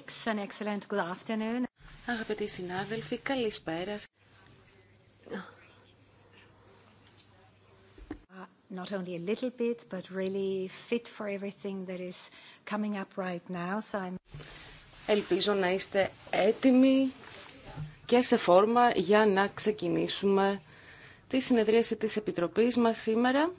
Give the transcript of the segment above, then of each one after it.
colleagues, an excellent good afternoon. Αγαπητοί συνάδελφοι, καλησπέρα. Uh, not only a little bit, but really fit for everything that is coming up right now. So I'm... Ελπίζω να είστε έτοιμοι και σε φόρμα για να ξεκινήσουμε τη συνεδρίαση της Επιτροπής μας σήμερα.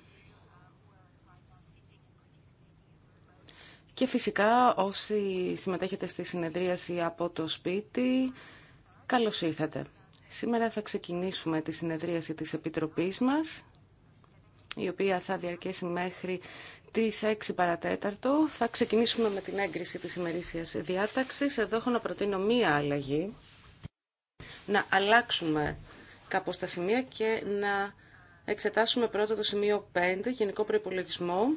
Και φυσικά όσοι συμμετέχετε στη συνεδρίαση από το σπίτι, καλώς ήρθατε. Σήμερα θα ξεκινήσουμε τη συνεδρίαση της Επιτροπής μας, η οποία θα διαρκέσει μέχρι τις 6 παρατέταρτο. Θα ξεκινήσουμε με την έγκριση της ημερήσιας διάταξης. Εδώ έχω να προτείνω μία αλλαγή, να αλλάξουμε κάπως τα σημεία και να εξετάσουμε πρώτα το σημείο 5, Γενικό Προϋπολογισμό,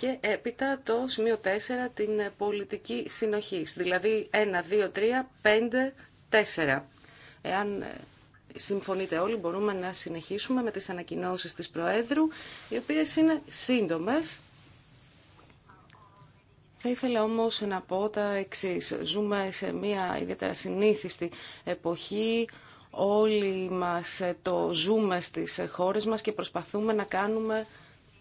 και έπειτα το σημείο 4 την πολιτική συνοχή. Δηλαδή 1, 2, 3, 5, 4. Εάν ε, συμφωνείτε όλοι μπορούμε να συνεχίσουμε με τις ανακοινώσεις της Προέδρου οι οποίες είναι σύντομες. Θα ήθελα όμως να πω τα εξή. Ζούμε σε μια ιδιαίτερα συνήθιστη εποχή όλοι μας ε, το ζούμε στις χώρες μας και προσπαθούμε να κάνουμε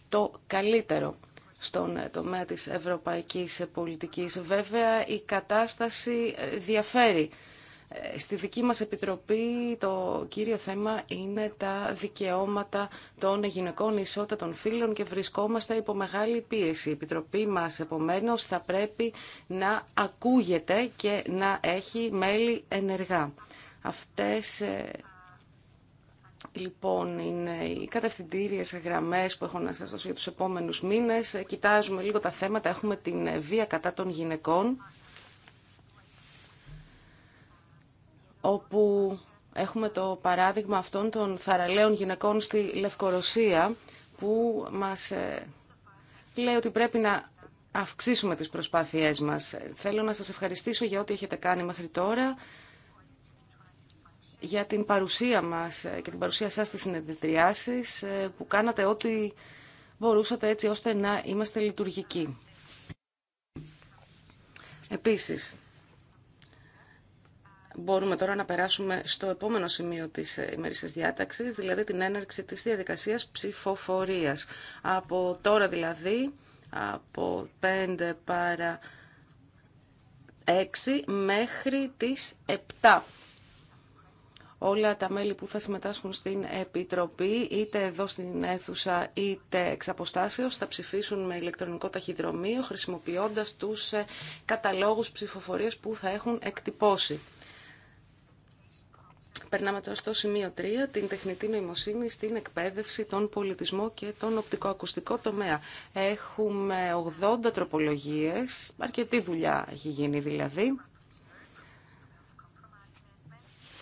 το καλύτερο στον ε, τομέα της ευρωπαϊκής ε, πολιτικής. Βέβαια, η κατάσταση ε, διαφέρει. Στη δική μας επιτροπή το κύριο θέμα είναι τα δικαιώματα των γυναικών ισότητα των φίλων και βρισκόμαστε υπό μεγάλη πίεση. Η επιτροπή μας επομένως θα πρέπει να ακούγεται και να έχει μέλη ενεργά. Αυτές λοιπόν είναι οι κατευθυντήριε γραμμέ που έχω να σα δώσω για τους επόμενους μήνες. Κοιτάζουμε λίγο τα θέματα. Έχουμε την βία κατά των γυναικών, όπου έχουμε το παράδειγμα αυτών των θαραλέων γυναικών στη Λευκορωσία, που μας ε, λέει ότι πρέπει να αυξήσουμε τις προσπάθειές μας. Θέλω να σας ευχαριστήσω για ό,τι έχετε κάνει μέχρι τώρα για την παρουσία μας ε, και την παρουσία σας στις συνεδριάσεις ε, που κάνατε ό,τι μπορούσατε έτσι ώστε να είμαστε λειτουργικοί. Επίσης, μπορούμε τώρα να περάσουμε στο επόμενο σημείο της ε, ημερήσιας διάταξης, δηλαδή την έναρξη της διαδικασίας ψηφοφορίας. Από τώρα δηλαδή, από 5 παρα 6 μέχρι τις 7 όλα τα μέλη που θα συμμετάσχουν στην Επιτροπή, είτε εδώ στην αίθουσα είτε εξ αποστάσεως, θα ψηφίσουν με ηλεκτρονικό ταχυδρομείο, χρησιμοποιώντας τους ε, καταλόγους ψηφοφορίας που θα έχουν εκτυπώσει. Περνάμε τώρα στο σημείο 3, την τεχνητή νοημοσύνη στην εκπαίδευση, τον πολιτισμό και τον οπτικοακουστικό τομέα. Έχουμε 80 τροπολογίες, αρκετή δουλειά έχει γίνει δηλαδή.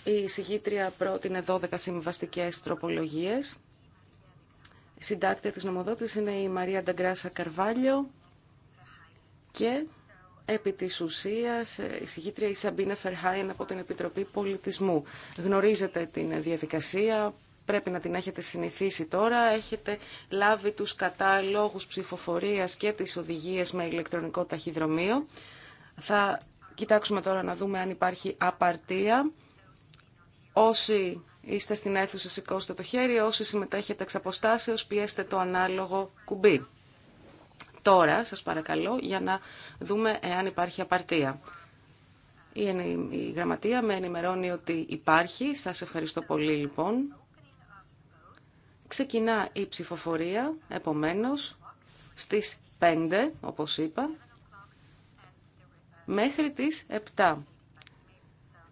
Η συγγήτρια πρότεινε 12 συμβαστικέ τροπολογίε. Η συντάκτρια της νομοδότηση είναι η Μαρία Νταγκράσα Καρβάλιο και επί τη ουσία ε, η συγγήτρια η Σαμπίνα Φερχάιν από την Επιτροπή Πολιτισμού. Γνωρίζετε την διαδικασία, πρέπει να την έχετε συνηθίσει τώρα. Έχετε λάβει τους κατάλογους ψηφοφορίας και τις οδηγίες με ηλεκτρονικό ταχυδρομείο. Θα κοιτάξουμε τώρα να δούμε αν υπάρχει απαρτία. Όσοι είστε στην αίθουσα σηκώστε το χέρι, όσοι συμμετέχετε εξ αποστάσεως πιέστε το ανάλογο κουμπί. Τώρα σας παρακαλώ για να δούμε εάν υπάρχει απαρτία. Η γραμματεία με ενημερώνει ότι υπάρχει. Σας ευχαριστώ πολύ λοιπόν. Ξεκινά η ψηφοφορία, επομένως, στις 5, όπως είπα, μέχρι τις 7.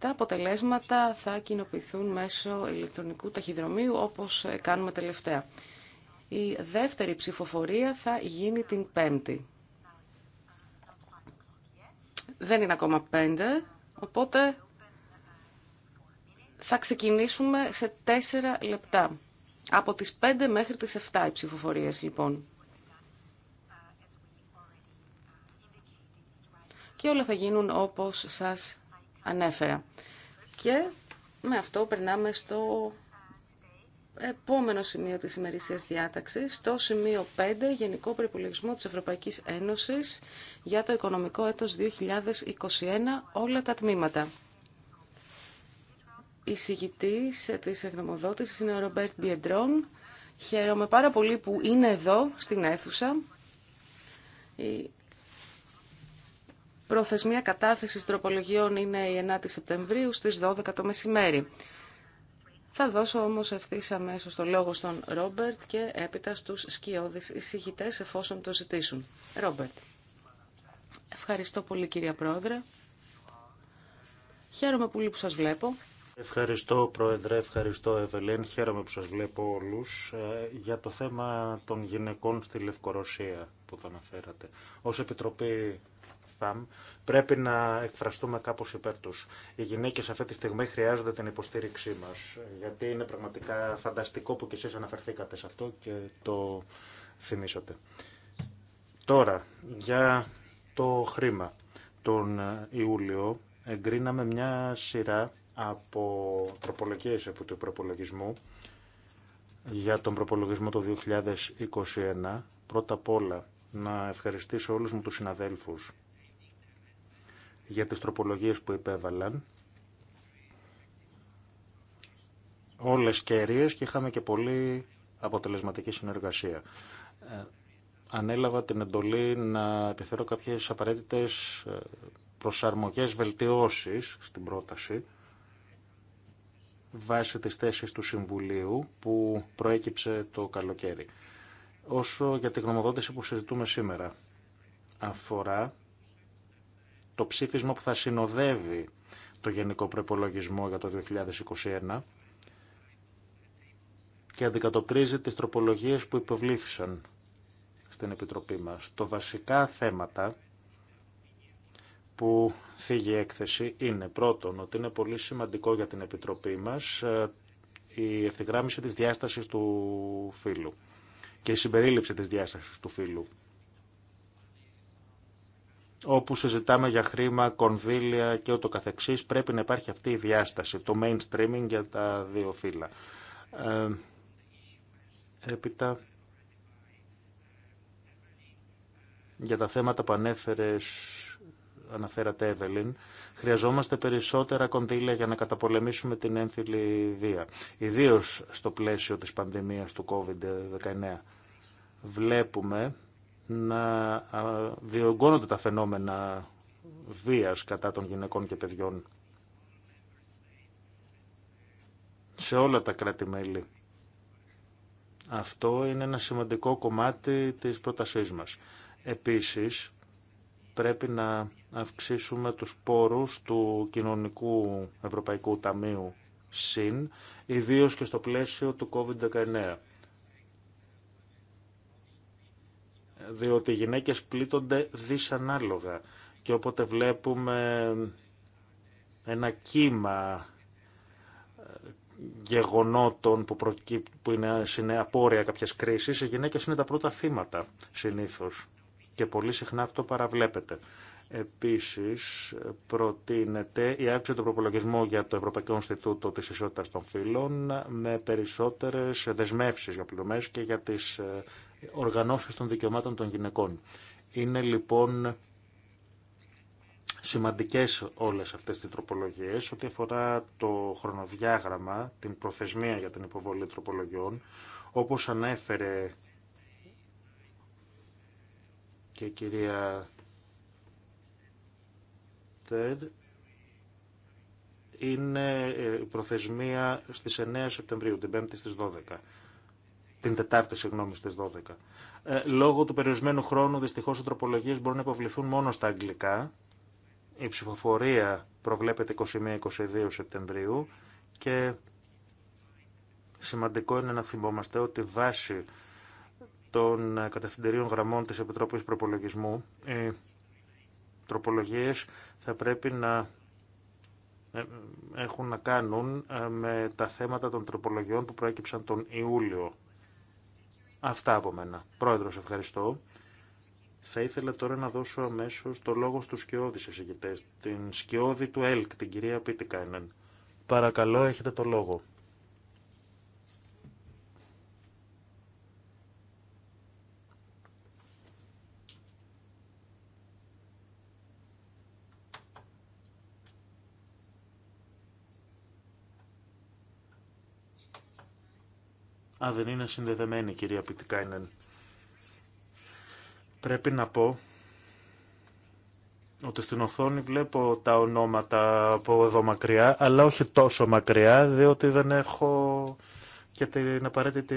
Τα αποτελέσματα θα κοινοποιηθούν μέσω ηλεκτρονικού ταχυδρομείου όπως ε, κάνουμε τελευταία. Η δεύτερη ψηφοφορία θα γίνει την πέμπτη. Δεν είναι ακόμα πέντε, οπότε θα ξεκινήσουμε σε τέσσερα λεπτά. Από τις πέντε μέχρι τις εφτά οι ψηφοφορίες λοιπόν. Και όλα θα γίνουν όπως σας ανέφερα. Και με αυτό περνάμε στο επόμενο σημείο της ημερησίας διάταξης, το σημείο 5, Γενικό Προπολογισμό της Ευρωπαϊκής Ένωσης για το οικονομικό έτος 2021, όλα τα τμήματα. Η συγητής της εγγνωμοδότησης είναι ο Ρομπέρτ Μπιεντρόν. Χαίρομαι πάρα πολύ που είναι εδώ στην αίθουσα. Προθεσμία κατάθεσης τροπολογιών είναι η 9η Σεπτεμβρίου στις 12 το μεσημέρι. Θα δώσω όμως ευθύ αμέσω το λόγο στον Ρόμπερτ και έπειτα στους σκιώδεις εισηγητέ εφόσον το ζητήσουν. Ρόμπερτ. Ευχαριστώ πολύ κυρία Πρόεδρε. Χαίρομαι πολύ που σας βλέπω. Ευχαριστώ Πρόεδρε, ευχαριστώ Ευελέν, χαίρομαι που σας βλέπω όλους ε, για το θέμα των γυναικών στη Λευκορωσία που το αναφέρατε. Ως Επιτροπή πρέπει να εκφραστούμε κάπως υπέρ τους. Οι γυναίκες αυτή τη στιγμή χρειάζονται την υποστήριξή μας, γιατί είναι πραγματικά φανταστικό που κι εσείς αναφερθήκατε σε αυτό και το θυμήσατε. Τώρα, για το χρήμα. Τον Ιούλιο εγκρίναμε μια σειρά από τροπολογίες από του προπολογισμού για τον προπολογισμό το 2021. Πρώτα απ' όλα να ευχαριστήσω όλους μου τους συναδέλφους για τις τροπολογίες που υπέβαλαν. Όλες κέρυες και είχαμε και πολύ αποτελεσματική συνεργασία. Ε, ανέλαβα την εντολή να επιφέρω κάποιες απαραίτητες ε, προσαρμογές βελτιώσεις στην πρόταση βάσει της θέσης του Συμβουλίου που προέκυψε το καλοκαίρι. Όσο για τη γνωμοδότηση που συζητούμε σήμερα αφορά το ψήφισμα που θα συνοδεύει το Γενικό Προπολογισμό για το 2021 και αντικατοπτρίζει τις τροπολογίες που υποβλήθησαν στην Επιτροπή μας. Το βασικά θέματα που θίγει η έκθεση είναι πρώτον ότι είναι πολύ σημαντικό για την Επιτροπή μας ε, η ευθυγράμμιση της διάστασης του φύλου και η συμπερίληψη της διάστασης του φύλου όπου συζητάμε για χρήμα, κονδύλια και ούτω καθεξής, πρέπει να υπάρχει αυτή η διάσταση, το mainstreaming για τα δύο φύλλα. Ε, έπειτα, για τα θέματα που ανέφερες, αναφέρατε Εύελιν, χρειαζόμαστε περισσότερα κονδύλια για να καταπολεμήσουμε την έμφυλη βία, ιδίως στο πλαίσιο της πανδημίας του COVID-19. Βλέπουμε να διωγγώνονται τα φαινόμενα βίας κατά των γυναικών και παιδιών σε όλα τα κράτη-μέλη. Αυτό είναι ένα σημαντικό κομμάτι της πρότασής μας. Επίσης, πρέπει να αυξήσουμε τους πόρους του Κοινωνικού Ευρωπαϊκού Ταμείου ΣΥΝ, ιδίως και στο πλαίσιο του COVID-19. διότι οι γυναίκες πλήττονται δυσανάλογα και όποτε βλέπουμε ένα κύμα ε, γεγονότων που, που είναι, απόρρια κάποιες κρίσεις, οι γυναίκες είναι τα πρώτα θύματα συνήθως και πολύ συχνά αυτό παραβλέπεται. Επίσης προτείνεται η άξια του προπολογισμού για το Ευρωπαϊκό Ινστιτούτο της Ισότητας των Φύλων με περισσότερες δεσμεύσεις για πληρωμές και για τις ε, οργανώσεις των δικαιωμάτων των γυναικών. Είναι λοιπόν σημαντικές όλες αυτές τις τροπολογίες ό,τι αφορά το χρονοδιάγραμμα, την προθεσμία για την υποβολή τροπολογιών, όπως ανέφερε και η κυρία Τερ, είναι ε, η προθεσμία στις 9 Σεπτεμβρίου, την 5η στις 12 την Τετάρτη, συγγνώμη, στι 12. Ε, λόγω του περιορισμένου χρόνου, δυστυχώ οι τροπολογίε μπορούν να υποβληθούν μόνο στα αγγλικά. Η ψηφοφορία προβλέπεται 21-22 Σεπτεμβρίου και σημαντικό είναι να θυμόμαστε ότι βάσει των ε, κατευθυντηρίων γραμμών της Επιτροπής Προπολογισμού οι τροπολογίες θα πρέπει να ε, έχουν να κάνουν ε, με τα θέματα των τροπολογιών που προέκυψαν τον Ιούλιο Αυτά από μένα. Πρόεδρος, ευχαριστώ. Θα ήθελα τώρα να δώσω αμέσω το λόγο στους σκιώδει εισηγητές, την σκιώδη του ΕΛΚ, την κυρία Πίτικανεν. Παρακαλώ, έχετε το λόγο. Α, δεν είναι συνδεδεμένη κυρία Πιτικάινεν. Πρέπει να πω ότι στην οθόνη βλέπω τα ονόματα από εδώ μακριά, αλλά όχι τόσο μακριά, διότι δεν έχω και την απαραίτητη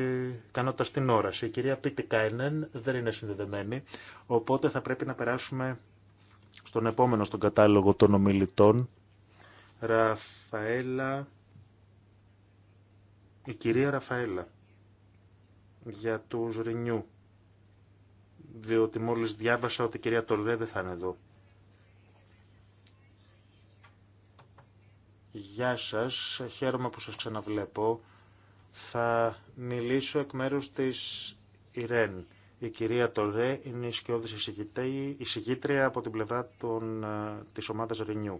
ικανότητα στην όραση. Η κυρία Πιτικάινεν δεν είναι συνδεδεμένη, οπότε θα πρέπει να περάσουμε στον επόμενο στον κατάλογο των ομιλητών. Ραφαέλα, η κυρία Ραφαέλα για του Ρινιού. Διότι μόλις διάβασα ότι η κυρία Τολρέ δεν θα είναι εδώ. Γεια σας, χαίρομαι που σας ξαναβλέπω. Θα μιλήσω εκ μέρους της Ιρέν. Η κυρία Τολρέ είναι η σκιώδης εισηγήτρια από την πλευρά των, ε, της ομάδας Renew.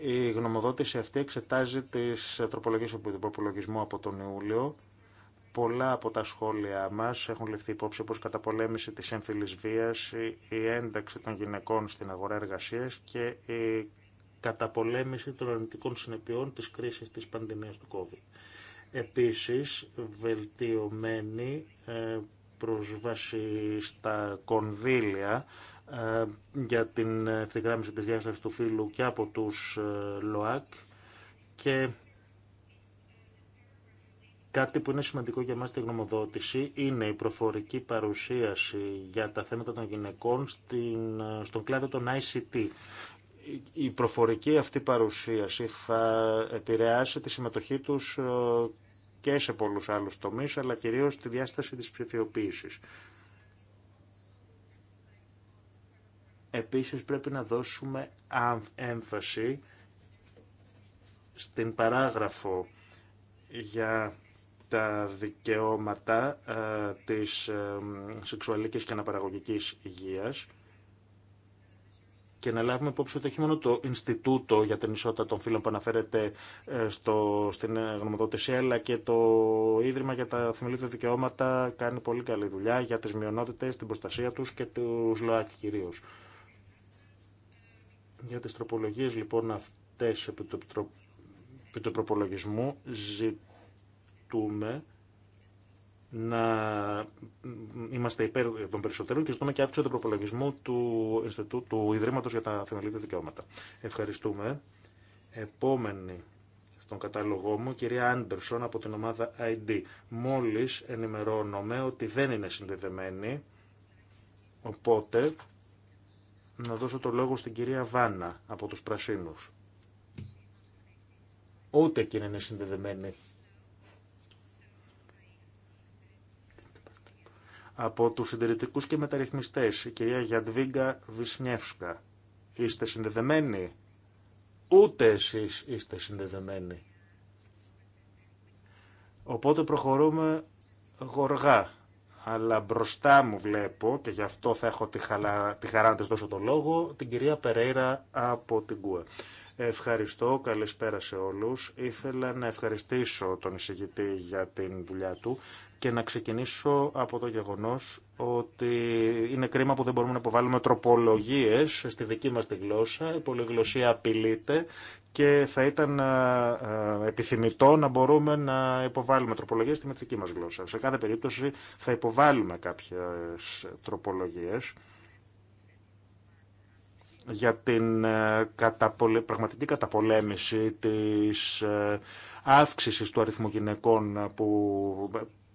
Η γνωμοδότηση αυτή εξετάζει τις τροπολογίες από τον από τον Ιούλιο πολλά από τα σχόλια μας έχουν ληφθεί υπόψη όπως καταπολέμηση της έμφυλης βίας, η ένταξη των γυναικών στην αγορά εργασίας και η καταπολέμηση των αρνητικών συνεπειών της κρίσης της πανδημίας του COVID. Επίσης, βελτιωμένη ε, πρόσβαση στα κονδύλια ε, για την ευθυγράμμιση της διάστασης του φύλου και από τους ε, ΛΟΑΚ και Κάτι που είναι σημαντικό για μας στη γνωμοδότηση είναι η προφορική παρουσίαση για τα θέματα των γυναικών στην, στον κλάδο των ICT. Η προφορική αυτή παρουσίαση θα επηρεάσει τη συμμετοχή τους ε, και σε πολλούς άλλους τομείς, αλλά κυρίως τη διάσταση της ψηφιοποίηση. Επίσης πρέπει να δώσουμε έμφαση στην παράγραφο για τα δικαιώματα ε, της ε, σεξουαλικής και αναπαραγωγικής υγείας και να λάβουμε υπόψη ότι όχι μόνο το Ινστιτούτο για την Ισότητα των Φύλων που αναφέρεται ε, στο, στην γνωμοδότηση, αλλά και το Ίδρυμα για τα Θεμελίδια Δικαιώματα κάνει πολύ καλή δουλειά για τις μειονότητες, την προστασία τους και τους ΛΟΑΚ κυρίω. Για τις τροπολογίες λοιπόν αυτές επί του, επί του προπολογισμού ζητούμε να είμαστε υπέρ των περισσότερων και ζητούμε και αύξηση του προπολογισμού του, Ινστιτού, του Ιδρύματος για τα Θεμελίδια Δικαιώματα. Ευχαριστούμε. Επόμενη στον κατάλογό μου, κυρία Άντερσον από την ομάδα ID. Μόλις ενημερώνομαι ότι δεν είναι συνδεδεμένη, οπότε να δώσω το λόγο στην κυρία Βάνα από τους Πρασίνους. Ούτε εκείνη είναι συνδεδεμένη. Από τους συντηρητικούς και μεταρρυθμιστές, η κυρία Γιαντβίγκα Βυσνιεύσκα. Είστε συνδεδεμένοι. Ούτε εσείς είστε συνδεδεμένοι. Οπότε προχωρούμε γοργά. Αλλά μπροστά μου βλέπω, και γι' αυτό θα έχω τη, χαλα... τη χαρά να της δώσω το λόγο, την κυρία Περέιρα από την ΚΟΕ. Ευχαριστώ, καλησπέρα σε όλους. Ήθελα να ευχαριστήσω τον εισηγητή για την δουλειά του και να ξεκινήσω από το γεγονός ότι είναι κρίμα που δεν μπορούμε να υποβάλουμε τροπολογίες στη δική μας τη γλώσσα. Η πολυγλωσία απειλείται και θα ήταν επιθυμητό να μπορούμε να υποβάλουμε τροπολογίες στη μετρική μας γλώσσα. Σε κάθε περίπτωση θα υποβάλουμε κάποιες τροπολογίες για την πραγματική καταπολέμηση της αύξησης του αριθμού γυναικών που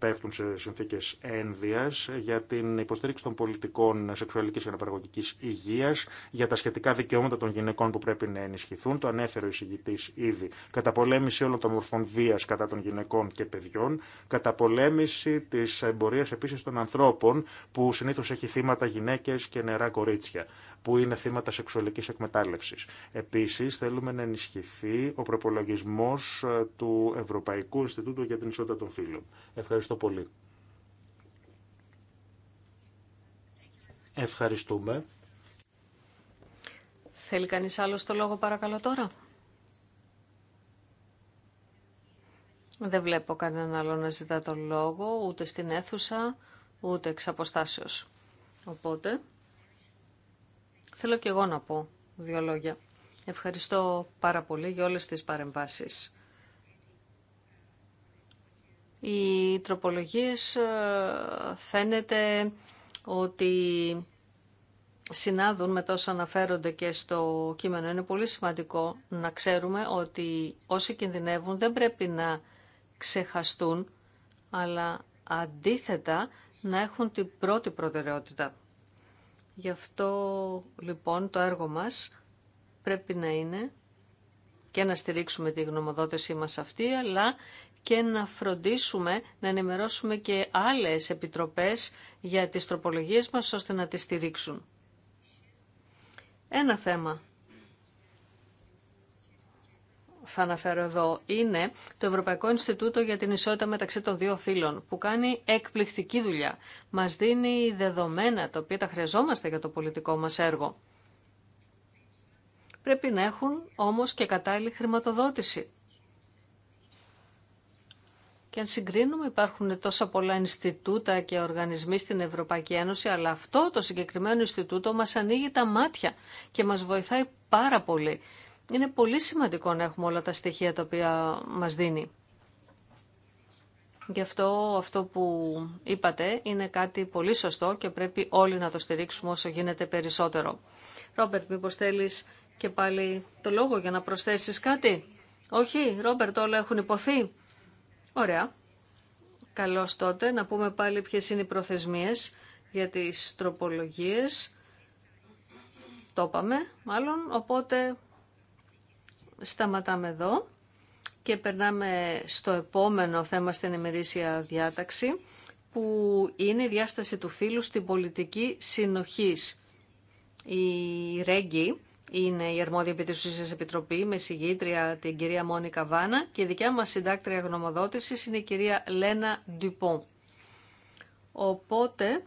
πέφτουν σε συνθήκε ένδυα, για την υποστήριξη των πολιτικών σεξουαλική και αναπαραγωγική υγεία για τα σχετικά δικαιώματα των γυναικών που πρέπει να ενισχυθούν, το ανέφερε ο εισηγητή ήδη, καταπολέμηση όλων των μορφών βία κατά των γυναικών και παιδιών, καταπολέμηση τη εμπορία επίση των ανθρώπων, που συνήθω έχει θύματα γυναίκε και νερά κορίτσια, που είναι θύματα σεξουαλική εκμετάλλευση Επίση, θέλουμε να ενισχυθεί ο προπολογισμό ε, του Ευρωπαϊκού Ινστιτούτου για την Ισότητα των φίλων. Ευχαριστώ. Ευχαριστούμε. Θέλει κανείς άλλο το λόγο παρακαλώ τώρα. Δεν βλέπω κανέναν άλλο να ζητά το λόγο, ούτε στην αίθουσα, ούτε εξ αποστάσεως. Οπότε, θέλω και εγώ να πω δύο λόγια. Ευχαριστώ πάρα πολύ για όλες τις παρεμβάσεις οι τροπολογίες ε, φαίνεται ότι συνάδουν με τόσα αναφέρονται και στο κείμενο. Είναι πολύ σημαντικό να ξέρουμε ότι όσοι κινδυνεύουν δεν πρέπει να ξεχαστούν, αλλά αντίθετα να έχουν την πρώτη προτεραιότητα. Γι' αυτό λοιπόν το έργο μας πρέπει να είναι και να στηρίξουμε τη γνωμοδότησή μας αυτή, αλλά και να φροντίσουμε να ενημερώσουμε και άλλες επιτροπές για τις τροπολογίες μας ώστε να τις στηρίξουν. Ένα θέμα θα αναφέρω εδώ είναι το Ευρωπαϊκό Ινστιτούτο για την Ισότητα μεταξύ των δύο φύλων που κάνει εκπληκτική δουλειά. Μας δίνει δεδομένα τα οποία τα χρειαζόμαστε για το πολιτικό μας έργο. Πρέπει να έχουν όμως και κατάλληλη χρηματοδότηση. Και αν συγκρίνουμε υπάρχουν τόσα πολλά Ινστιτούτα και οργανισμοί στην Ευρωπαϊκή Ένωση, αλλά αυτό το συγκεκριμένο Ινστιτούτο μας ανοίγει τα μάτια και μας βοηθάει πάρα πολύ. Είναι πολύ σημαντικό να έχουμε όλα τα στοιχεία τα οποία μας δίνει. Γι' αυτό αυτό που είπατε είναι κάτι πολύ σωστό και πρέπει όλοι να το στηρίξουμε όσο γίνεται περισσότερο. Ρόμπερτ, μήπως θέλεις και πάλι το λόγο για να προσθέσεις κάτι. Όχι, Ρόμπερτ, όλα έχουν υποθεί. Ωραία. Καλώς τότε να πούμε πάλι ποιες είναι οι προθεσμίες για τις τροπολογίες. Το είπαμε, μάλλον, οπότε σταματάμε εδώ και περνάμε στο επόμενο θέμα στην ημερήσια διάταξη που είναι η διάσταση του φύλου στην πολιτική συνοχής. Η Ρέγγι είναι η αρμόδια επί Επιτροπή με συγγήτρια την κυρία Μόνικα Βάνα και η δικιά μας συντάκτρια γνωμοδότησης είναι η κυρία Λένα Ντυπον. Οπότε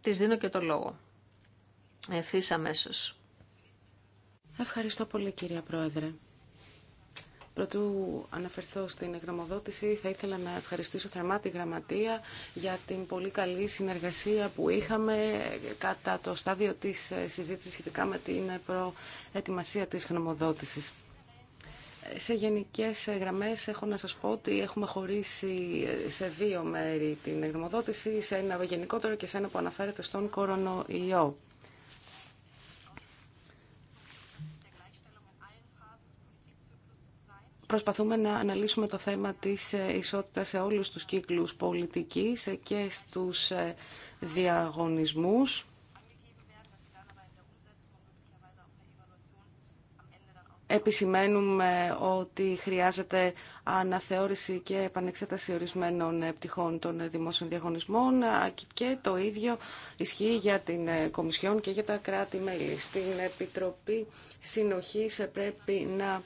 της δίνω και το λόγο. Ευθύ αμέσω. Ευχαριστώ πολύ κυρία Πρόεδρε. Πρωτού αναφερθώ στην γραμμοδότηση, θα ήθελα να ευχαριστήσω θερμά τη Γραμματεία για την πολύ καλή συνεργασία που είχαμε κατά το στάδιο της ε, συζήτησης σχετικά με την προετοιμασία της γραμμοδότησης. Σε γενικές ε, γραμμές έχω να σας πω ότι έχουμε χωρίσει ε, σε δύο μέρη την γραμμοδότηση, σε ένα γενικότερο και σε ένα που αναφέρεται στον κορονοϊό. προσπαθούμε να αναλύσουμε το θέμα της ε, ισότητας σε όλους τους κύκλους πολιτικής ε, και στους ε, διαγωνισμούς. Επισημαίνουμε ότι χρειάζεται αναθεώρηση και επανεξέταση ορισμένων πτυχών των δημόσιων διαγωνισμών και το ίδιο ισχύει για την Κομισιόν και για τα κράτη-μέλη. Στην Επιτροπή Συνοχής πρέπει να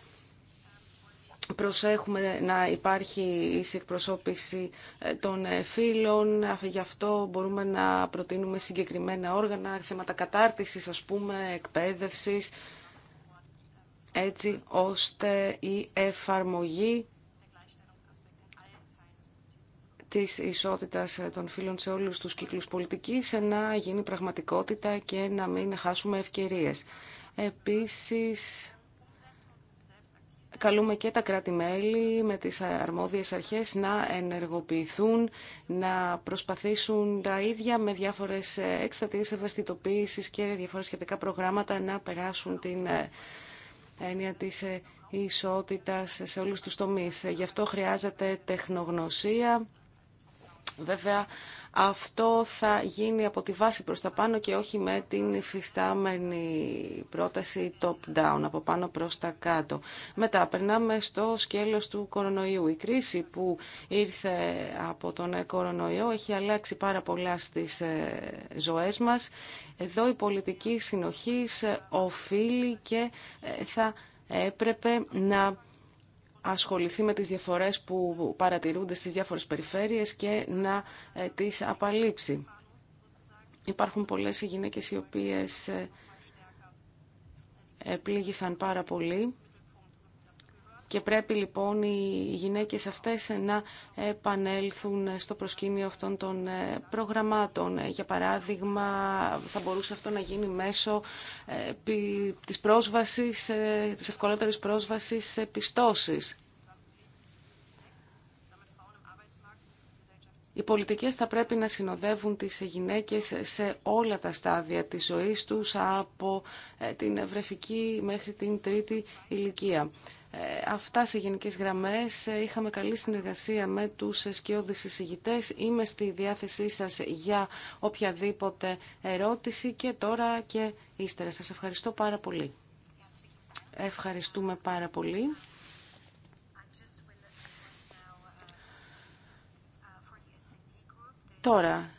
προσέχουμε να υπάρχει ίση εκπροσώπηση ε, των ε, φύλων, γι' αυτό μπορούμε να προτείνουμε συγκεκριμένα όργανα, θέματα κατάρτισης, ας πούμε, εκπαίδευσης, έτσι ώστε η εφαρμογή της ισότητας ε, των φύλων σε όλους τους κύκλους πολιτικής να γίνει πραγματικότητα και να μην χάσουμε ευκαιρίες. Επίσης, καλούμε και τα κράτη-μέλη με τις αρμόδιες αρχές να ενεργοποιηθούν, να προσπαθήσουν τα ίδια με διάφορες εκστατείες ευαισθητοποίησης και διάφορα σχετικά προγράμματα να περάσουν την ε, έννοια της ε, ισότητας σε όλους τους τομείς. Γι' αυτό χρειάζεται τεχνογνωσία, Βέβαια, αυτό θα γίνει από τη βάση προς τα πάνω και όχι με την υφιστάμενη πρόταση top-down, από πάνω προς τα κάτω. Μετά, περνάμε στο σκέλος του κορονοϊού. Η κρίση που ήρθε από τον κορονοϊό έχει αλλάξει πάρα πολλά στις ε, ζωές μας. Εδώ η πολιτική συνοχής ε, οφείλει και ε, θα έπρεπε να ασχοληθεί με τις διαφορές που παρατηρούνται στις διάφορες περιφέρειες και να ε, τις απαλείψει. Υπάρχουν πολλές γυναίκες οι οποίες ε, ε, πλήγησαν πάρα πολύ και πρέπει λοιπόν οι γυναίκες αυτές να επανέλθουν στο προσκήνιο αυτών των ε, προγραμμάτων. Ε, για παράδειγμα, θα μπορούσε αυτό να γίνει μέσω ε, της πρόσβασης, της ευκολότερης πρόσβασης σε πιστώσεις. Οι πολιτικές θα πρέπει να συνοδεύουν τις γυναίκες σε όλα τα στάδια της ζωής τους, από την βρεφική μέχρι την τρίτη ηλικία. Ε, αυτά σε γενικές γραμμές. Ε, είχαμε καλή συνεργασία με τους σκιώδεις εισηγητές. Είμαι στη διάθεσή σας για οποιαδήποτε ερώτηση και τώρα και ύστερα. Σας ευχαριστώ πάρα πολύ. Ευχαριστούμε πάρα πολύ. Τώρα,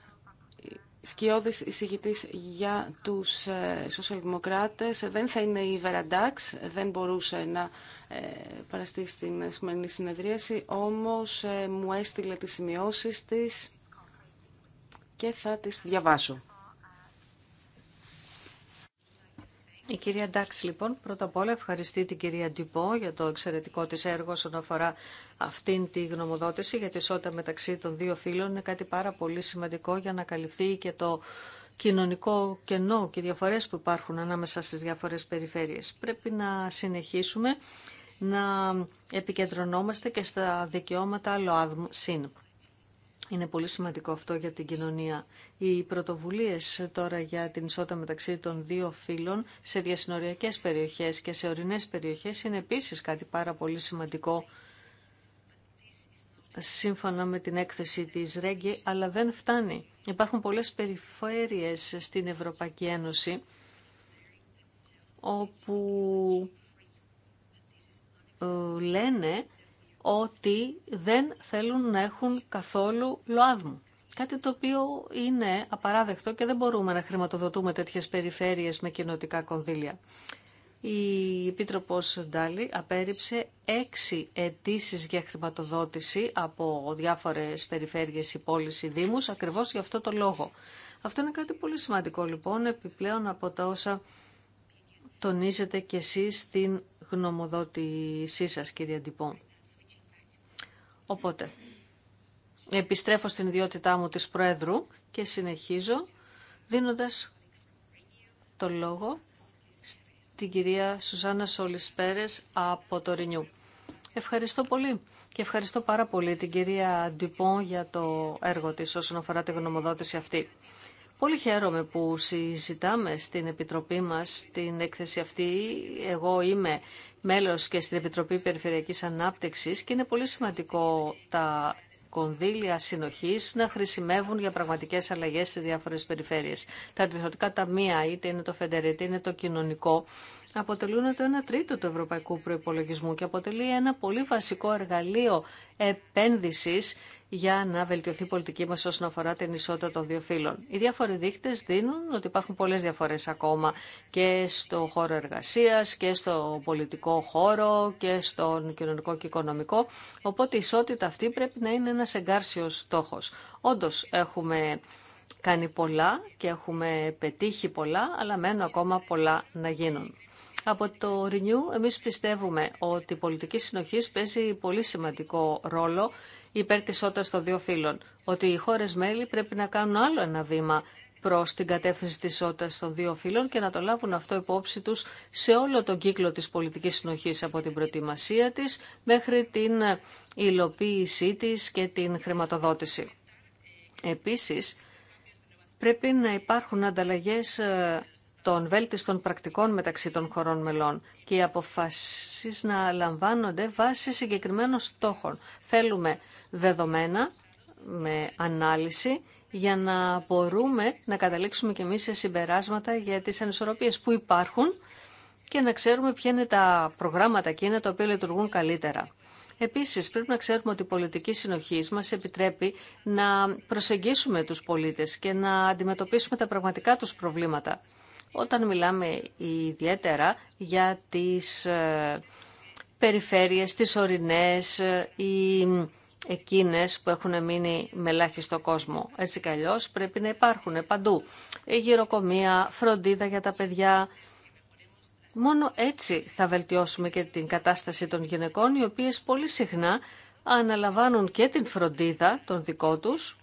σκιώδης εισηγητής για τους ε, σοσιαλδημοκράτες δεν θα είναι η Βεραντάξ, δεν μπορούσε να ε, παραστεί στην σημερινή συνεδρίαση, όμως ε, μου έστειλε τις σημειώσεις της και θα τις διαβάσω. Η κυρία Ντάξ, λοιπόν, πρώτα απ' όλα ευχαριστεί την κυρία Ντυπό για το εξαιρετικό της έργο όσον αφορά αυτήν τη γνωμοδότηση για τη ισότητα μεταξύ των δύο φίλων Είναι κάτι πάρα πολύ σημαντικό για να καλυφθεί και το κοινωνικό κενό και διαφορές που υπάρχουν ανάμεσα στις διάφορες περιφέρειες. Πρέπει να συνεχίσουμε να επικεντρωνόμαστε και στα δικαιώματα ΛΟΑΔΜ ΣΥΝ. Είναι πολύ σημαντικό αυτό για την κοινωνία. Οι πρωτοβουλίε τώρα για την ισότητα μεταξύ των δύο φύλων σε διασυνοριακέ περιοχέ και σε ορεινέ περιοχέ είναι επίσης κάτι πάρα πολύ σημαντικό σύμφωνα με την έκθεση της Ρέγγι, αλλά δεν φτάνει. Υπάρχουν πολλές περιφέρειες στην Ευρωπαϊκή Ένωση όπου ε, λένε ότι δεν θέλουν να έχουν καθόλου ΛΟΑΔΜΟΥ. Κάτι το οποίο είναι απαράδεκτο και δεν μπορούμε να χρηματοδοτούμε τέτοιες περιφέρειες με κοινοτικά κονδύλια. Η Επίτροπος Ντάλι απέρριψε έξι αιτήσει για χρηματοδότηση από διάφορες περιφέρειες ή πόλεις ή δήμους ακριβώς για αυτό το λόγο. Αυτό είναι κάτι πολύ σημαντικό λοιπόν επιπλέον από τα όσα τονίζετε κι εσείς στην γνωμοδότησή σας, κύριε Αντιπό. Οπότε, επιστρέφω στην ιδιότητά μου της Προέδρου και συνεχίζω δίνοντας το λόγο στην κυρία Σουζάνα Σόλης Πέρες από το Ρινιού. Ευχαριστώ πολύ και ευχαριστώ πάρα πολύ την κυρία Ντυπό για το έργο της όσον αφορά τη γνωμοδότηση αυτή. Πολύ χαίρομαι που συζητάμε στην Επιτροπή μας την έκθεση αυτή. Εγώ είμαι μέλος και στην Επιτροπή Περιφερειακής Ανάπτυξης και είναι πολύ σημαντικό τα κονδύλια συνοχής να χρησιμεύουν για πραγματικές αλλαγές σε διάφορες περιφέρειες. Τα αντιδροτικά ταμεία, είτε είναι το φεντερ, είτε είναι το κοινωνικό, αποτελούν το 1 τρίτο του ευρωπαϊκού προϋπολογισμού και αποτελεί ένα πολύ βασικό εργαλείο επένδυσης για να βελτιωθεί η πολιτική μας όσον αφορά την ισότητα των δύο φύλων. Οι διάφοροι δείχτε δίνουν ότι υπάρχουν πολλές διαφορές ακόμα και στο χώρο εργασίας και στο πολιτικό χώρο και στον κοινωνικό και οικονομικό. Οπότε η ισότητα αυτή πρέπει να είναι ένας εγκάρσιο στόχος. Όντω έχουμε κάνει πολλά και έχουμε πετύχει πολλά, αλλά μένουν ακόμα πολλά να γίνουν. Από το Renew εμείς πιστεύουμε ότι η πολιτική συνοχή παίζει πολύ σημαντικό ρόλο υπέρ της ότας των δύο φύλων. Ότι οι χώρες μέλη πρέπει να κάνουν άλλο ένα βήμα προς την κατεύθυνση της ότας των δύο φύλων και να το λάβουν αυτό υπόψη τους σε όλο τον κύκλο της πολιτικής συνοχής από την προετοιμασία της μέχρι την υλοποίησή της και την χρηματοδότηση. Επίσης, πρέπει να υπάρχουν ανταλλαγές ε, των βέλτιστων πρακτικών μεταξύ των χωρών μελών και οι αποφάσεις να λαμβάνονται βάσει συγκεκριμένων στόχων. Θέλουμε δεδομένα με ανάλυση για να μπορούμε να καταλήξουμε και εμείς σε συμπεράσματα για τις ανισορροπίες που υπάρχουν και να ξέρουμε ποια είναι τα προγράμματα εκείνα τα οποία λειτουργούν καλύτερα. Επίσης, πρέπει να ξέρουμε ότι η πολιτική συνοχή μας επιτρέπει να προσεγγίσουμε τους πολίτες και να αντιμετωπίσουμε τα πραγματικά τους προβλήματα όταν μιλάμε ιδιαίτερα για τις ε, περιφέρειες, τις ορινές, ή ε, εκείνες που έχουν μείνει με ελάχιστο κόσμο. Έτσι κι πρέπει να υπάρχουν παντού. η Γυροκομεία, φροντίδα για τα παιδιά. Μόνο έτσι θα βελτιώσουμε και την κατάσταση των γυναικών, οι οποίες πολύ συχνά αναλαμβάνουν και την φροντίδα των δικών τους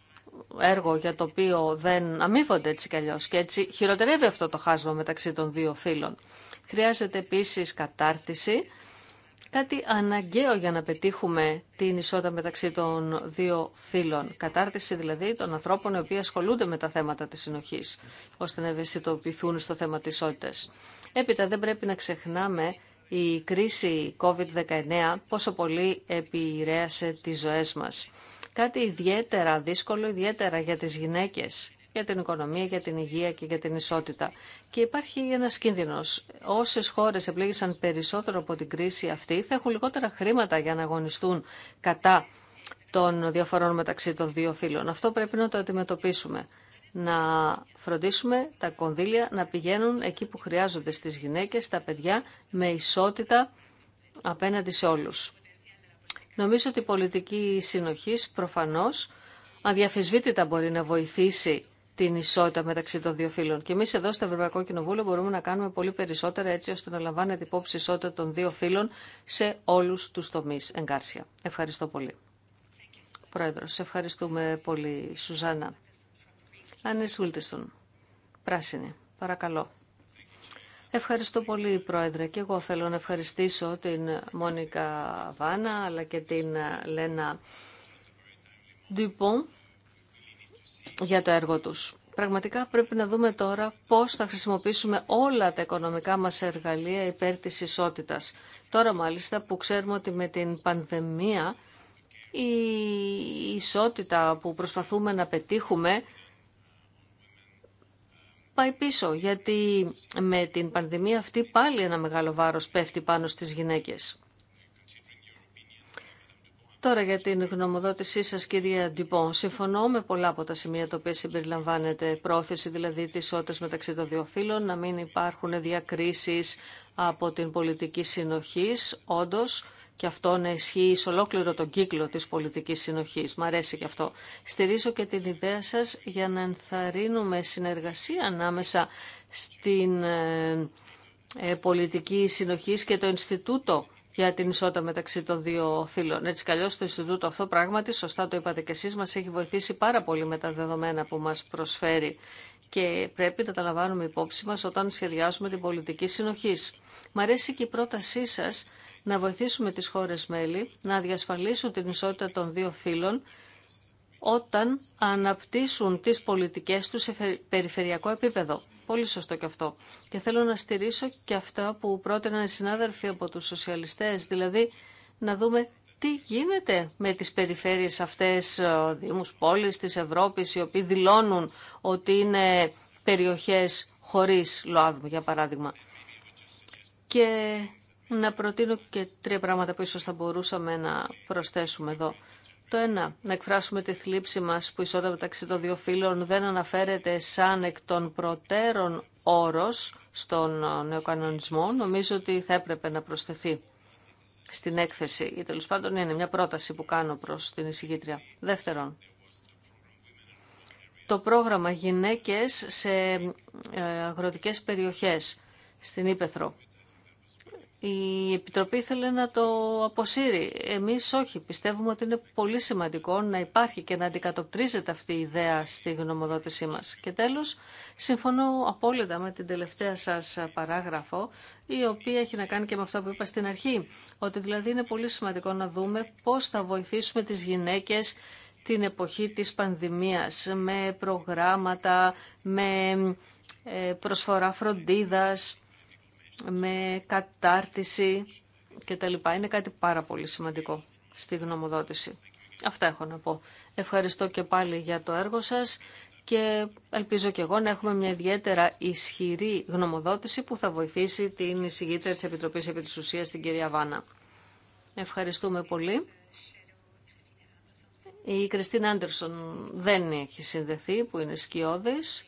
έργο για το οποίο δεν αμείβονται έτσι κι αλλιώς. Και έτσι χειροτερεύει αυτό το χάσμα μεταξύ των δύο φύλων. Χρειάζεται επίσης κατάρτιση, κάτι αναγκαίο για να πετύχουμε την ισότητα μεταξύ των δύο φύλων. Κατάρτιση δηλαδή των ανθρώπων οι οποίοι ασχολούνται με τα θέματα της συνοχής, ώστε να ευαισθητοποιηθούν στο θέμα της ισότητας. Έπειτα δεν πρέπει να ξεχνάμε η κρίση COVID-19 πόσο πολύ επηρέασε τις ζωές μας. Κάτι ιδιαίτερα δύσκολο, ιδιαίτερα για τις γυναίκες, για την οικονομία, για την υγεία και για την ισότητα. Και υπάρχει ένας κίνδυνος. Όσες χώρες επλήγησαν περισσότερο από την κρίση αυτή, θα έχουν λιγότερα χρήματα για να αγωνιστούν κατά των διαφορών μεταξύ των δύο φύλων. Αυτό πρέπει να το αντιμετωπίσουμε. Να φροντίσουμε τα κονδύλια να πηγαίνουν εκεί που χρειάζονται στις γυναίκες, στα παιδιά, με ισότητα απέναντι σε όλους. Νομίζω ότι η πολιτική συνοχή προφανώς αδιαφεσβήτητα μπορεί να βοηθήσει την ισότητα μεταξύ των δύο φύλων. Και εμεί εδώ στο Ευρωπαϊκό Κοινοβούλιο μπορούμε να κάνουμε πολύ περισσότερα έτσι ώστε να λαμβάνεται υπόψη ισότητα των δύο φύλων σε όλου του τομεί εγκάρσια. Ευχαριστώ πολύ. Πρόεδρο, ευχαριστούμε πολύ, Σουζάννα. Άννη πράσινη, παρακαλώ. Ευχαριστώ πολύ, Πρόεδρε. Και εγώ θέλω να ευχαριστήσω την Μόνικα Βάνα, αλλά και την Λένα Ντουπον για το έργο τους. Πραγματικά πρέπει να δούμε τώρα πώς θα χρησιμοποιήσουμε όλα τα οικονομικά μας εργαλεία υπέρ της ισότητας. Τώρα μάλιστα που ξέρουμε ότι με την πανδημία η ισότητα που προσπαθούμε να πετύχουμε πάει πίσω, γιατί με την πανδημία αυτή πάλι ένα μεγάλο βάρος πέφτει πάνω στις γυναίκες. Τώρα για την γνωμοδότησή σας κυρία Ντυπών. Συμφωνώ με πολλά από τα σημεία τα οποία συμπεριλαμβάνεται πρόθεση δηλαδή τις ισότητες μεταξύ των δύο φύλων, να μην υπάρχουν διακρίσεις από την πολιτική συνοχής, όντως και αυτό να ισχύει σε ολόκληρο τον κύκλο της πολιτικής συνοχής. Μ' αρέσει και αυτό. Στηρίζω και την ιδέα σας για να ενθαρρύνουμε συνεργασία ανάμεσα στην ε, ε, πολιτική συνοχής και το Ινστιτούτο για την ισότητα μεταξύ των δύο φύλων. Έτσι καλώ το Ινστιτούτο αυτό πράγματι, σωστά το είπατε και εσείς, μας έχει βοηθήσει πάρα πολύ με τα δεδομένα που μας προσφέρει και πρέπει να τα λαμβάνουμε υπόψη μας όταν σχεδιάζουμε την πολιτική συνοχής. Μ' αρέσει και η πρότασή σας να βοηθήσουμε τις χώρες μέλη να διασφαλίσουν την ισότητα των δύο φύλων όταν αναπτύσσουν τις πολιτικές τους σε περιφερειακό επίπεδο. Πολύ σωστό και αυτό. Και θέλω να στηρίσω και αυτά που πρότειναν οι συνάδελφοι από τους σοσιαλιστές, δηλαδή να δούμε τι γίνεται με τις περιφέρειες αυτές, ε, δήμους πόλεις της Ευρώπης, οι οποίοι δηλώνουν ότι είναι περιοχές χωρίς ΛΟΑΔΜ, για παράδειγμα. Και να προτείνω και τρία πράγματα που ίσως θα μπορούσαμε να προσθέσουμε εδώ. Το ένα, να εκφράσουμε τη θλίψη μας που ισότητα μεταξύ των δύο φύλων δεν αναφέρεται σαν εκ των προτέρων όρος στον νεοκανονισμό. Νομίζω ότι θα έπρεπε να προσθεθεί στην έκθεση ή τέλο πάντων είναι μια πρόταση που κάνω προς την εισηγήτρια. Δεύτερον, το πρόγραμμα γυναίκες σε ε, αγροτικές περιοχές στην Ήπεθρο. Η Επιτροπή ήθελε να το αποσύρει. Εμείς όχι. Πιστεύουμε ότι είναι πολύ σημαντικό να υπάρχει και να αντικατοπτρίζεται αυτή η ιδέα στη γνωμοδότησή μας. Και τέλος, συμφωνώ απόλυτα με την τελευταία σας παράγραφο, η οποία έχει να κάνει και με αυτό που είπα στην αρχή, ότι δηλαδή είναι πολύ σημαντικό να δούμε πώς θα βοηθήσουμε τις γυναίκες την εποχή της πανδημίας, με προγράμματα, με ε, προσφορά φροντίδας, με κατάρτιση κτλ. Είναι κάτι πάρα πολύ σημαντικό στη γνωμοδότηση. Αυτά έχω να πω. Ευχαριστώ και πάλι για το έργο σας και ελπίζω και εγώ να έχουμε μια ιδιαίτερα ισχυρή γνωμοδότηση που θα βοηθήσει την εισηγήτρια της Επιτροπής επί της την κυρία Βάνα. Ευχαριστούμε πολύ. Η Κριστίν Άντερσον δεν έχει συνδεθεί, που είναι σκιώδης.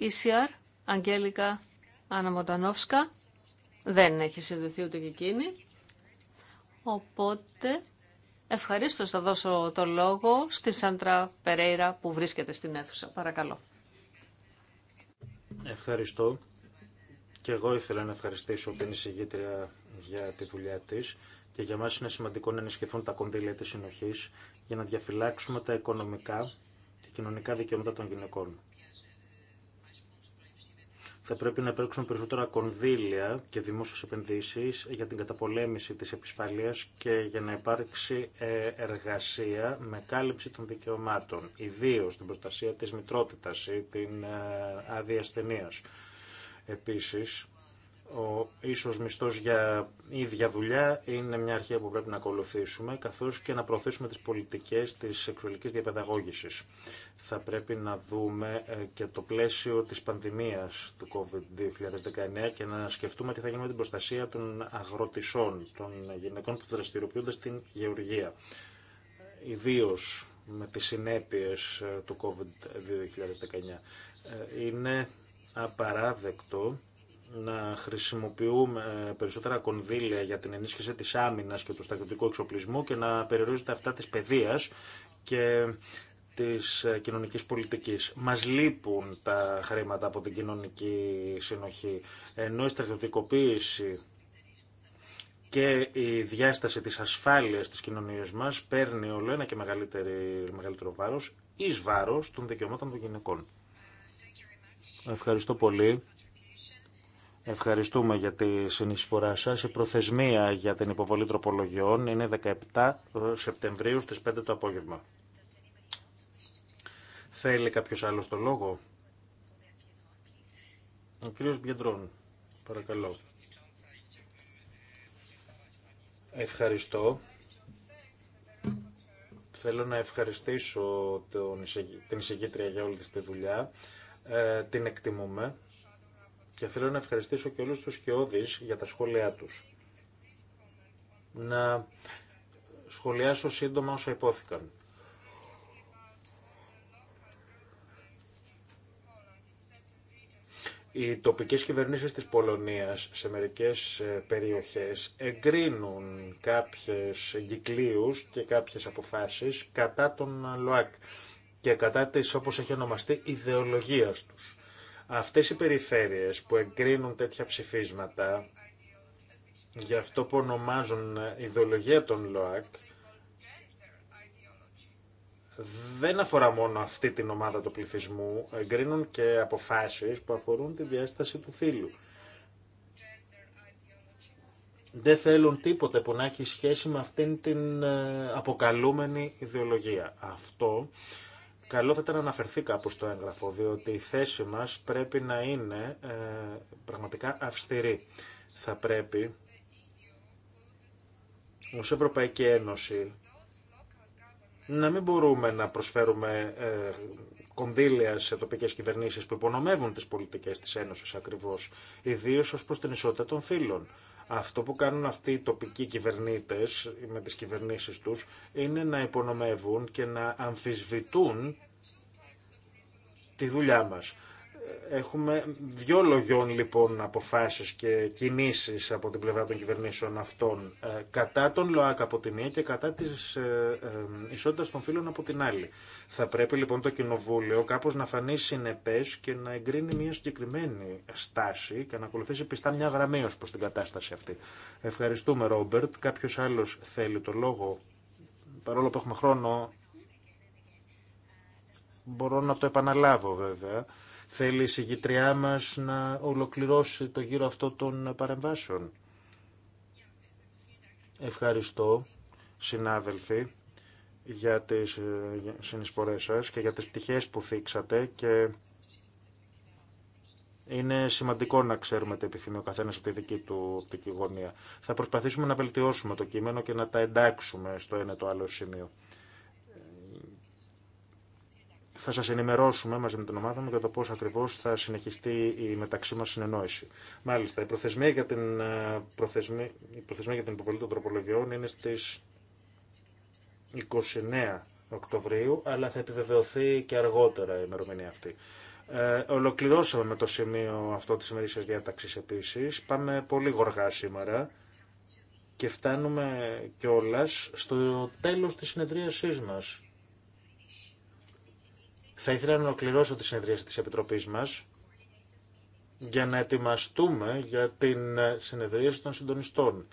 ECR, Αγγέλικα Αναμοντανόφσκα. Δεν έχει συνδεθεί ούτε και εκείνη. Οπότε ευχαρίστως θα δώσω το λόγο στη Σάντρα Περέιρα που βρίσκεται στην αίθουσα. Παρακαλώ. Ευχαριστώ. Και εγώ ήθελα να ευχαριστήσω την εισηγήτρια για τη δουλειά της και για μας είναι σημαντικό να ενισχυθούν τα κονδύλια της συνοχής για να διαφυλάξουμε τα οικονομικά και κοινωνικά δικαιώματα των γυναικών. Θα πρέπει να υπάρξουν περισσότερα κονδύλια και δημόσιες επενδύσεις για την καταπολέμηση της επισφαλείας και για να υπάρξει ε, εργασία με κάλυψη των δικαιωμάτων, ιδίω την προστασία της μητρότητας ή την ε, άδεια Επίσης, ο ίσος μισθός για ίδια δουλειά είναι μια αρχή που πρέπει να ακολουθήσουμε, καθώς και να προωθήσουμε τις πολιτικές της σεξουαλικής διαπαιδαγώγησης. Θα πρέπει να δούμε ε, και το πλαίσιο της πανδημίας του COVID-2019 και να σκεφτούμε τι θα γίνει με την προστασία των αγροτησών, των γυναικών που δραστηριοποιούνται στην γεωργία. Ιδίω με τις συνέπειες ε, του COVID-2019. Ε, είναι απαράδεκτο να χρησιμοποιούμε ε, περισσότερα κονδύλια για την ενίσχυση της άμυνας και του στρατιωτικού εξοπλισμού και να περιορίζονται αυτά της παιδείας και της ε, κοινωνικής πολιτικής. Μας λείπουν τα χρήματα από την κοινωνική συνοχή, ενώ η στρατιωτικοποίηση και η διάσταση της ασφάλειας της κοινωνίας μας παίρνει όλο ένα και μεγαλύτερο βάρος εις βάρος των δικαιωμάτων των γυναικών. Ευχαριστώ πολύ. Ευχαριστούμε για τη συνεισφορά σα Η προθεσμία για την υποβολή τροπολογιών είναι 17 ε, Σεπτεμβρίου στι 5 το απόγευμα. Θέλει κάποιο άλλο το λόγο. Ο κύριος Μπιεντρών, παρακαλώ. Ευχαριστώ. Θέλω να ευχαριστήσω τον, την εισηγήτρια για όλη τη δουλειά. Ε, την εκτιμούμε και θέλω να ευχαριστήσω και όλους τους σκιώδεις για τα σχόλιά τους. Να σχολιάσω σύντομα όσα υπόθηκαν. Οι τοπικές κυβερνήσεις της Πολωνίας σε μερικές ε, περιοχές εγκρίνουν κάποιες εγκυκλίους και κάποιες αποφάσεις κατά τον ΛΟΑΚ και κατά της όπως έχει ονομαστεί ιδεολογίας τους. Αυτές οι περιφέρειες που εγκρίνουν τέτοια ψηφίσματα για αυτό που ονομάζουν ιδεολογία των ΛΟΑΚ δεν αφορά μόνο αυτή την ομάδα του πληθυσμού, εγκρίνουν και αποφάσεις που αφορούν τη διάσταση του φύλου. Δεν θέλουν τίποτε που να έχει σχέση με αυτήν την ε, αποκαλούμενη ιδεολογία. Αυτό καλό θα ήταν να αναφερθεί κάπου στο έγγραφο, διότι η θέση μας πρέπει να είναι ε, πραγματικά αυστηρή. Θα πρέπει ως Ευρωπαϊκή Ένωση να μην μπορούμε να προσφέρουμε ε, κονδύλια σε τοπικές κυβερνήσεις που υπονομεύουν τις πολιτικές της Ένωσης ακριβώς, ιδίως ως προς την ισότητα των φύλων. Αυτό που κάνουν αυτοί οι τοπικοί κυβερνήτες με τις κυβερνήσεις τους είναι να υπονομεύουν και να αμφισβητούν τη δουλειά μας. Έχουμε δυο λογιών λοιπόν αποφάσεις και κινήσεις από την πλευρά των κυβερνήσεων αυτών ε, κατά τον ΛΟΑΚ από τη μία και κατά της ε, ε, ισότητας των φίλων από την άλλη. Θα πρέπει λοιπόν το Κοινοβούλιο κάπως να φανεί συνεπές και να εγκρίνει μια συγκεκριμένη στάση και να ακολουθήσει πιστά μια γραμμή ως προς την κατάσταση αυτή. Ευχαριστούμε Ρόμπερτ. Κάποιος άλλος θέλει το λόγο. Παρόλο που έχουμε χρόνο μπορώ να το επαναλάβω βέβαια Θέλει η συγκητριά μας να ολοκληρώσει το γύρο αυτό των παρεμβάσεων. Ευχαριστώ, συνάδελφοι, για τις ε, συνεισφορές σας και για τις πτυχές που θίξατε και είναι σημαντικό να ξέρουμε τι επιθυμεί ο καθένα από τη δική του οπτική γωνία. Θα προσπαθήσουμε να βελτιώσουμε το κείμενο και να τα εντάξουμε στο ένα το άλλο σημείο θα σας ενημερώσουμε μαζί με την ομάδα μου για το πώς ακριβώς θα συνεχιστεί η μεταξύ μας συνεννόηση. Μάλιστα, η προθεσμία για την, ε, προθεσμία, η προθεσμία για την υποβολή των τροπολογιών είναι στις 29 Οκτωβρίου, αλλά θα επιβεβαιωθεί και αργότερα η ημερομηνία αυτή. Ε, ολοκληρώσαμε με το σημείο αυτό της ημερήσιας διάταξης επίσης. Πάμε πολύ γοργά σήμερα και φτάνουμε κιόλας στο τέλος της συνεδρίασής μας. Θα ήθελα να ολοκληρώσω τη συνεδρίαση της Επιτροπής μας για να ετοιμαστούμε για την συνεδρίαση των συντονιστών.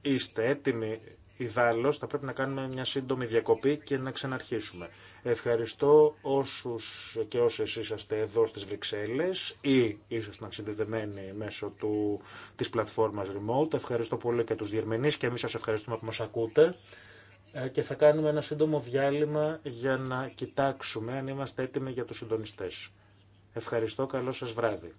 Είστε έτοιμοι Ιδάλλως θα πρέπει να κάνουμε μια σύντομη διακοπή και να ξαναρχίσουμε. Ευχαριστώ όσους και όσες είσαστε εδώ στις Βρυξέλλες ή ήσασταν συνδεδεμένοι μέσω του, της πλατφόρμας Remote. Ευχαριστώ πολύ και τους διερμενείς και εμείς σας ευχαριστούμε που μας ακούτε. Ε, και θα κάνουμε ένα σύντομο διάλειμμα για να κοιτάξουμε αν είμαστε έτοιμοι για τους συντονιστές. Ευχαριστώ, καλό σας βράδυ.